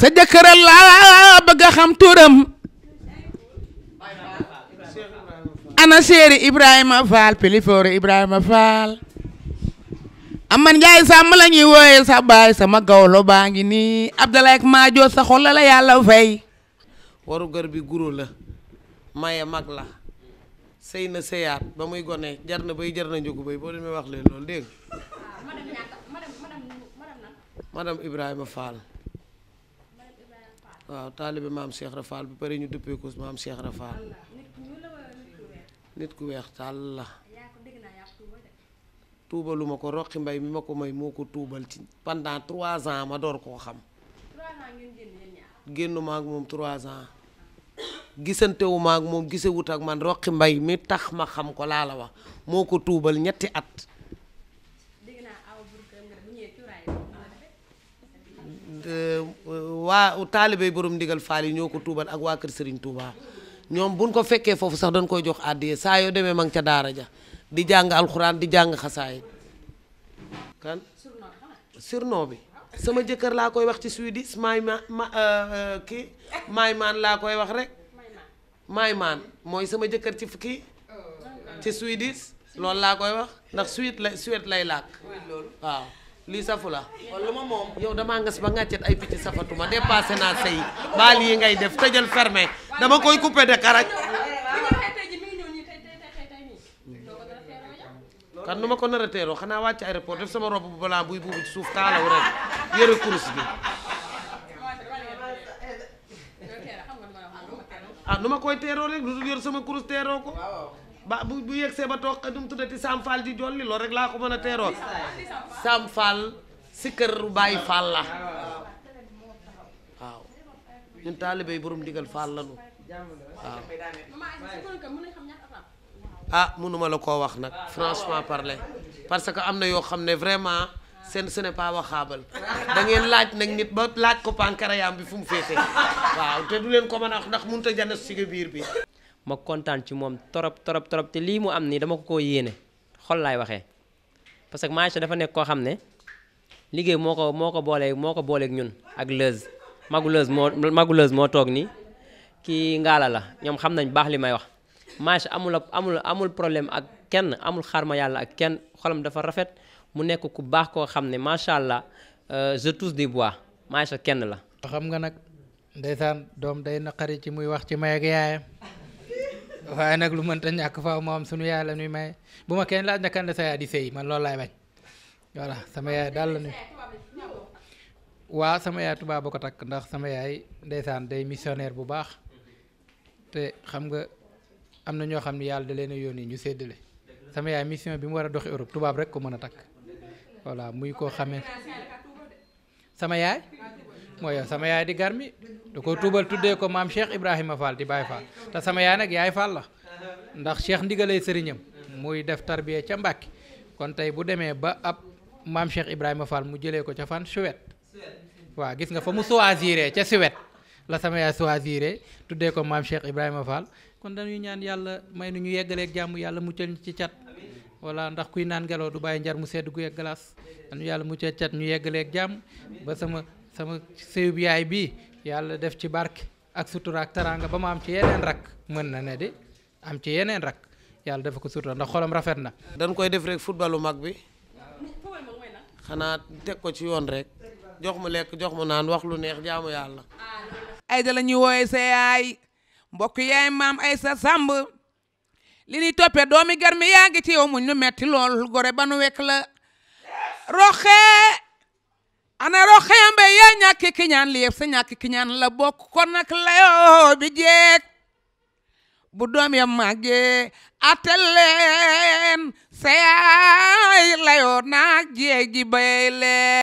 sa jëkkëral laa bëgg a xam turam ana séeri Ibrahima Fall pilifoori Ibrahima Fall aman njaay sàmm la ñuy wooyee sa baay sama gawlo baa ngi nii Abdalaay ak Maajo sa xol la yàlla fay waru gar bi guro la maye mag la sëy na sëyaat ba muy gone jar na bay jar na njugu bay boo demee wax leen loolu dégg ah, madame Ibrahima Fall waaw taalibe maam Cheikh Rafaal bu pare ñu dëppee ko maam Cheikh Rafaal nit ku weex tàll la tuubaluma ko roqi mbay mi ma ko may moo ko tuubal ci pendant trois ans ma door koo xam génnuma ak moom trois ans gisantewuma ak moom gisewut ak man roqi mbay mi tax ma xam ko laa la wax moo ko tuubal ñetti at waa taalibey borom ndigal faal yi ñoo ko tuubal ak waa kër Serigne Touba ñoom buñ ko fekkee foofu sax dañ koy jox àddiya saa yoo demee ma nga ca daara ja di jàng alxuraan di jàng xasaayit kan surnom bi sama jëkkër laa koy wax ci swedis maay ma ma euh, euh, kii maay maan laa koy wax rek maay mooy sama jëkkër ci kii ci swedis loolu laa koy wax ndax suite la suite lay làkk waaw lii safu la yow damaa ngas ba ngàccet ay picc safatuma dépassé naa sëy baal yi ngay def tëjal fermé dama koy coupé de karaj kan nu ma ko nar a teeroo xanaa wàcc aéroport def sama robe bu balaa buy buubu suuf taalaw rek yëre course bi ah nu ma koy teeroo rek lu sama course teeroo ko ba bu bu yegsee ba tok nu tudati samfal di jolli lo rek la ko meuna tero samfal Sam Fall si Baye Fall la waaw ñun borom waaw ah munuma la ko wax nak franchement parler parce que amna yo xamne vraiment sen ce n'est pas waxabal da ngeen laaj nak nit ba laaj ko pankarayaam bi fum fete waaw te du len ko meuna wax ndax munta janna ci bi ma kontaan ci moom torop torop torop te lii mu am nii dama ko koo yéene xol laay waxee parce que Maïcha dafa nekk koo xam ne liggéey moo ko moo ko boolee moo ko booleeg ñun ak Leuz magu Leuz moo magu moo toog nii kii ngaala la ñoom xam nañ baax li may wax Maïcha amul amul amul problème ak kenn amul xar ma yàlla ak kenn xolam dafa rafet mu nekk ku baax koo xam ne macha allah euh, je tous du bois Maïcha kenn la. xam nga nag ndeysaan doom day naqari ci muy wax ci may ak yaayam. waaye nag lu mënta ñàkk fa moom am sunu yaay la nuy may bu ma kenn laaj na kan la sa yaay di sëy man loolu laay bañ voilà sama yaay daal la nuy waa sama yaay tubaab ko takk ndax sama yaay ndeysaan day missionnaire bu baax te xam nga am na ñoo xam ne yàlla da leen a yónni ñu séddale sama yaay mission bi mu war a dox Europe tubaab rek ko mën a takk voilà muy koo xamee sama yaay mooy yow sama yaay di garmi da ko tuubal tuddee ko maam Cheikh Ibrahima Fall di Baye Fall te sama yaay nag yaay Fall la ndax Cheikh ndigalay sëriñam muy def tarbiya ca Mbàkke kon tey bu demee ba ab maam Cheikh Ibrahima Fall mu jëlee ko ca fan Suède waaw gis nga fa mu choisiré ca Suède la sama yaay choisiré tuddee ko maam Cheikh Ibrahima Fall kon dañuy ñaan yàlla may nu ñu yeggaleeg jàmm yàlla muccal ci cat voilà ndax kuy naan ngelaw du bà njar mu sedd gu yegg glace dañu cat ñu yeggaleeg jàmm sama séw bi ya allah def ci barke ak sutura ak taranga ba ma am ci yeneen rak mën na ne di am ci yeneen rak yàlla def ko sutura ndax xolam rafet na. dan koy def rek footballu mag bi xana tek ko ci yoon rek jox mu lek jox mu naan wax lu neex jaamu yàlla. ay da lañu woy wooye mbokk yaay maam ay sa samb li ni topé doomi gar yaangi ci yow muñ nu metti lool gore la roxé ana roxé ñàkk ki ñaan li yëpp sa ñàkk la bokk kon nag layoo bi jeeg bu doom ya màggee atel leen sa yaay layoo naag jeeg ji leen